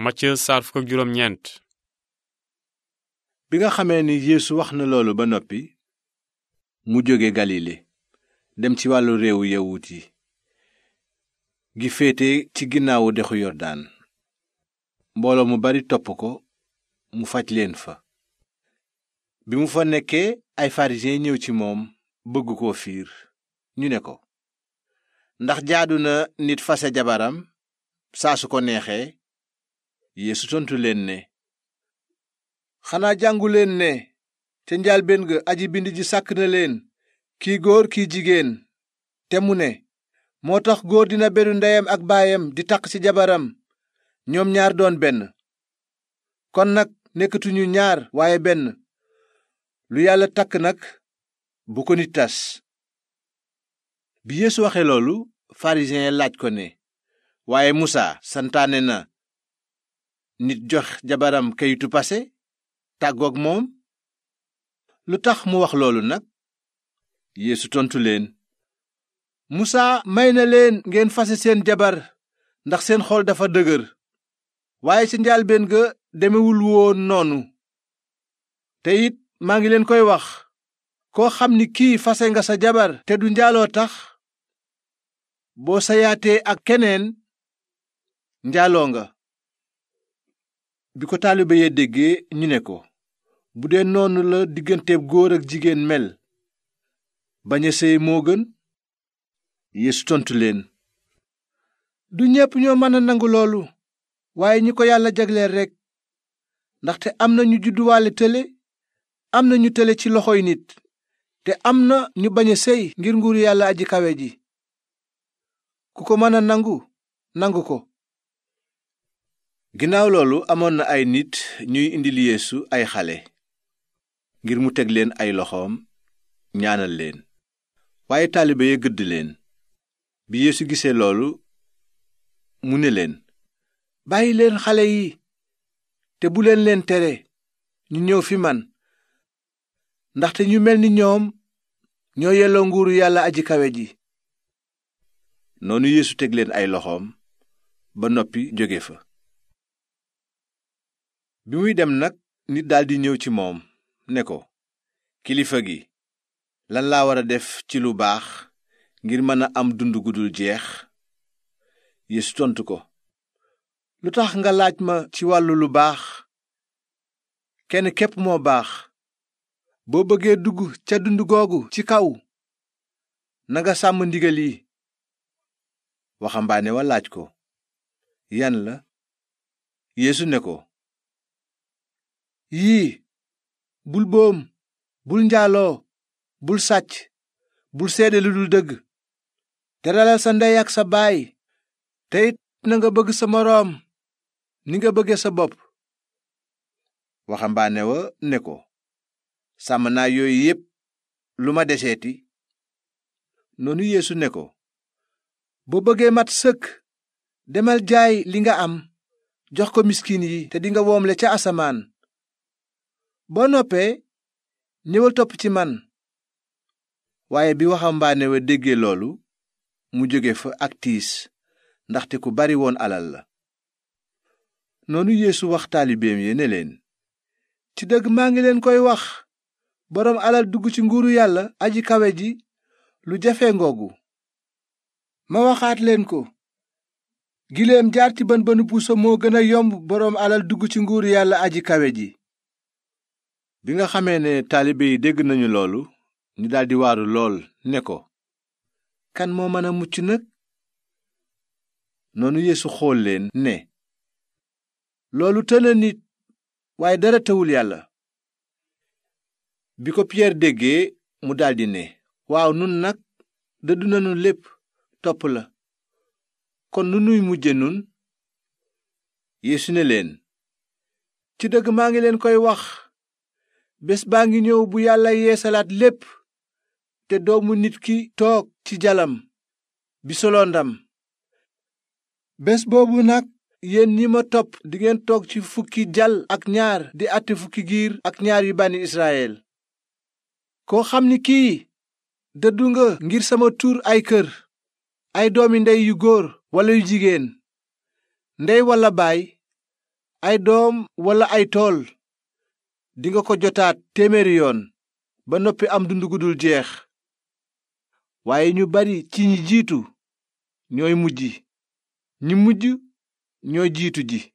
Matthieu saar fukk bi nga xamee ni yéesu wax na loolu ba noppi mu jóge galilé dem ci wàllu réewu yawut yi gi féete ci ginnaawu dexu Yordaan mbooloo mu bari topp ko mu faj leen fa bi mu fa nekkee ay pharisiens ñëw ci moom bëgg ko fiir ñu ne ko ndax jaadu na nit fase jabaram saa su ko neexee yeesu tontu leen ne xanaa jànguleen ne ca njaalbéen ga aji bind ji sàkk na leen kii góor kii jigéen te mu ne moo tax góor dina beru ndeyam ak baayam di takk ci jabaram ñoom ñaar doon benn kon nag nekkatuñu ñaar waaye benn lu yàlla takk nag bu ko nit tas bi yeesu waxe loolu pharisien laaj ko ne waaye musa santaane na nit jox jabaram kayitu pase tàggook moom lu tax mu wax loolu nag yéesu tontu leen musaa may na leen ngeen fase seen jabar ndax seen xool dafa dëgër waaye ci njaalbeen ga demewul woon noonu te it maa ngi leen koy wax koo xam ni kii fase nga sa jabar te du njaaloo tax boo sayaatee ak keneen njaaloo nga bi ko taalibe ya déggee ñu ne ko bu dee noonu la diggante góor ak jigéen mel bañ a sëy moo gën yeesu tontu leen du ñépp ñoo mën a nangu loolu waaye ñi ko yàlla jagleel rekk ndaxte am na ñu judduwale tële am na ñu tële ci loxoy nit te am na ñu bañ a sëy ngir nguuru yàlla aji kawe ji ku ko mën a nangu nangu ko ginnaaw loolu amoon na ay nit ñuy indil yéesu ay xale ngir mu teg leen ay loxoom ñaanal leen waaye taalibe gëdd leen bi yeesu gisee loolu mu ne leen bàyyi leen xale yi te bu leen leen tere ñu ñëw fi man ndaxte ñu mel ni ñoom ñoo yelloo nguuru yàlla aji kawe ji noonu yéesu teg leen ay loxoom ba noppi jóge fa bi muy dem nag nit daldi ñëw ci moom ne ko kilifa gi lan laa war a def ci lu baax ngir mën a am dund gu jeex Yeesu tontu ko lu tax nga laaj ma ci wàllu lu baax kenn képp moo baax boo bëggee dugg ca dund googu ci kaw nanga sàmm ndigal yi waxambaane wa laaj ko yan la yéesu ne ko yii bul boom bul njaaloo bul sàcc bul seede lu dul dëgg teralal sa ndey ak sa baay te na nga bëgg sa moroom ni nga bëgge sa bopp waxambaane wa ne ko sàmm naa yooyu yépp lu ma deseeti noonu yéesu ne ko boo bëggee mat sëkk demal jaay li nga am jox ko miskin yi te dinga womle ca asamaan boo noppee ñëwal topp ci man waaye bi waxambaane wa déggee loolu mu jóge fa ak tiis ndaxte ku bari woon alal la noonu yéesu wax taalibeem yi ne leen ci dëgg maa ngi leen koy wax boroom alal dugg ci nguuru yàlla aji kawe ji lu jafe ngoogu ma waxaat leen ko giléem jaar ci bën bënu puso moo gën a yomb boroom alal dugg ci nguuru yàlla aji kawe ji bi nga xamee ne taalibe yi dégg nañu loolu ñu daldi waaru lool ne ko kan moo mën a mucc nag noonu yeesu xool leen ne loolu tëna nit waaye dara tawul yàlla bi ko piyeer déggee mu daldi ne waaw nun nag dëddu nanu lépp topp la kon nu nuy mujje nun yeesu ne leen ci dëgg maa ngi leen koy wax bés baa ngi ñëw bu yàlla yeesalaat lépp te doomu nit ki toog ci jalam bi solo ndam bés boobu nag yéen ñi ma topp dingeen toog ci fukki jal ak ñaar di àtte fukki giir ak ñaar yu bànni Israyel koo xam ni kii dëddu nga ngir sama tur ay kër ay doomi ndey yu góor wala yu jigéen ndey walla baay ay doom walla ay tool dinga ko jotaat téeméeri yoon ba noppi am dund gu dul jeex waaye ñu bari ci ñi jiitu ñooy mujj ñi mujj ñooy jiitu ji